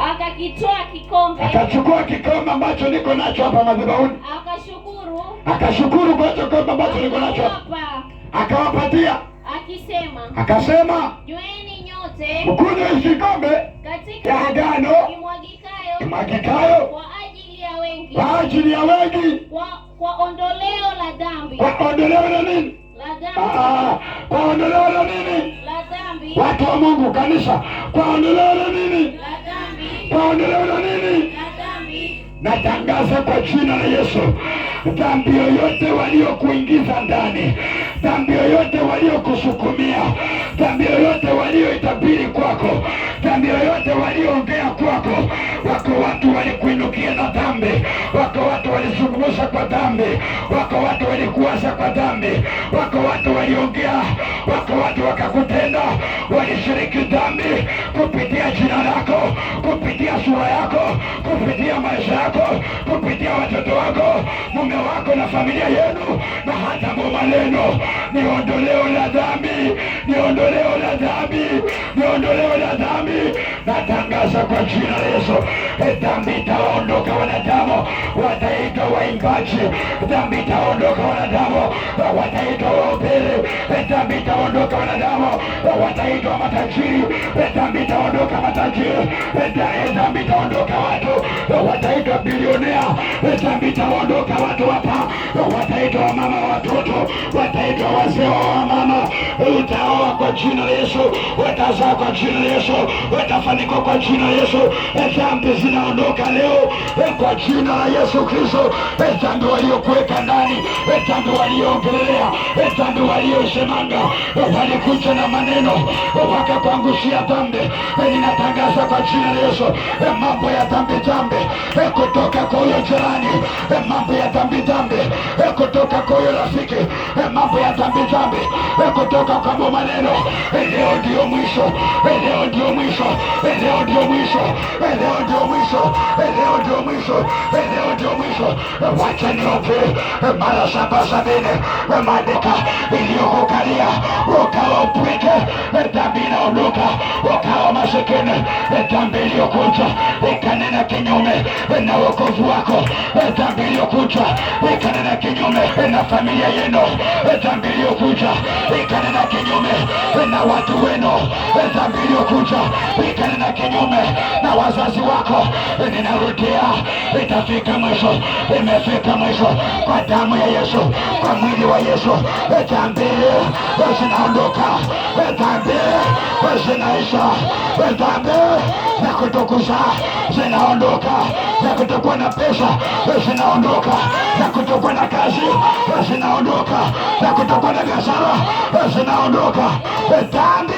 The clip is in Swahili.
akakitoa kikombe, akachukua kikombe ambacho niko nacho hapa madhabahuni, akashukuru, akashukuru kwa hicho kikombe ambacho niko nacho akawapatia akisema, akasema jueni nyote, mkunywe kikombe katika agano kimwagikayo kwa ajili ya wengi, kwa ajili ya wengi, kwa ondoleo la dhambi, kwa ondoleo la nini? Ah, kwa ondoleo la nini? La dhambi. Watu wa Mungu, kanisa, kwa ondoleo la nini? utaondolewa na nini? Natangaza kwa jina la Yesu, dhambi yoyote waliokuingiza ndani, dhambi yoyote waliokusukumia, dhambi yoyote walioitabiri kwako, dhambi yoyote walioongea kwako Wako watu walikuinukia na dhambi, wako watu walizungumza kwa dhambi, wako watu walikuwaza kwa dhambi, wako watu waliongea, wako watu wakakutenda, walishiriki dhambi kupitia jina lako, kupitia sura yako, kupitia maisha yako, kupitia watoto wako, mume wako na familia yenu, na hata boma lenu. Ni ondoleo la dhambi, ni ondoleo la dhambi, ni ondoleo la dhambi natangaza kwa jina la Yesu, e, dhambi itaondoka, wanadamu wataitwa waimbaji, dhambi itaondoka, wanadamu wataitwa wahubiri, e, dhambi itaondoka, wanadamu wataitwa matajiri, e, dhambi itaondoka, matajiri, dhambi itaondoka, watu wataitwa bilionea, dhambi itaondoka, watu hapa wataitwa wamama, watoto wataitwa wazee wa mama. Utaoa kwa jina la Yesu, watazaa kwa jina la Yesu, watafa maandiko kwa jina la Yesu. Dhambi zinaondoka leo eh, kwa jina la Yesu Kristo. Eh, dhambi waliokuweka ndani, eh, dhambi walioongelelea, dhambi waliosemanga, walikuja na maneno wakapangushia dhambi, ninatangaza kwa jina la Yesu mambo ya dhambi, dhambi kutoka kwa huyo jirani, mambo ya dhambi kutoka kwa huyo rafiki e, mambo ya dhambi dhambi e, kutoka kwa maneno. e, eh, Leo ndio mwisho, e, leo ndio mwisho, e, leo ndio mwisho, e, leo ndio mwisho, e, leo ndio mwisho, e, leo ndio mwisho. e, Wacha niope mara saba sabini madeka iliyokukalia ukawa upweke, dhambi inaondoka, ukawa masikini, dhambi iliyokunja ikanena kinyume na wokovu wako, e, dhambi iliyokunja ikanena na familia yenu eh, dhambi iliyokuja ikana na kinyume eh, na watu wenu, eh, dhambi iliyokuja ikana na kinyume na wazazi wako. Ninarudia, itafika mwisho, imefika mwisho kwa damu ya Yesu, kwa mwili wa Yesu. Dhambi zinaondoka, dhambi zinaisha, dhambi za kutokuza zinaondoka, za kutokuwa na pesa zinaondoka kutoka na kutoka na biashara zinaondoka.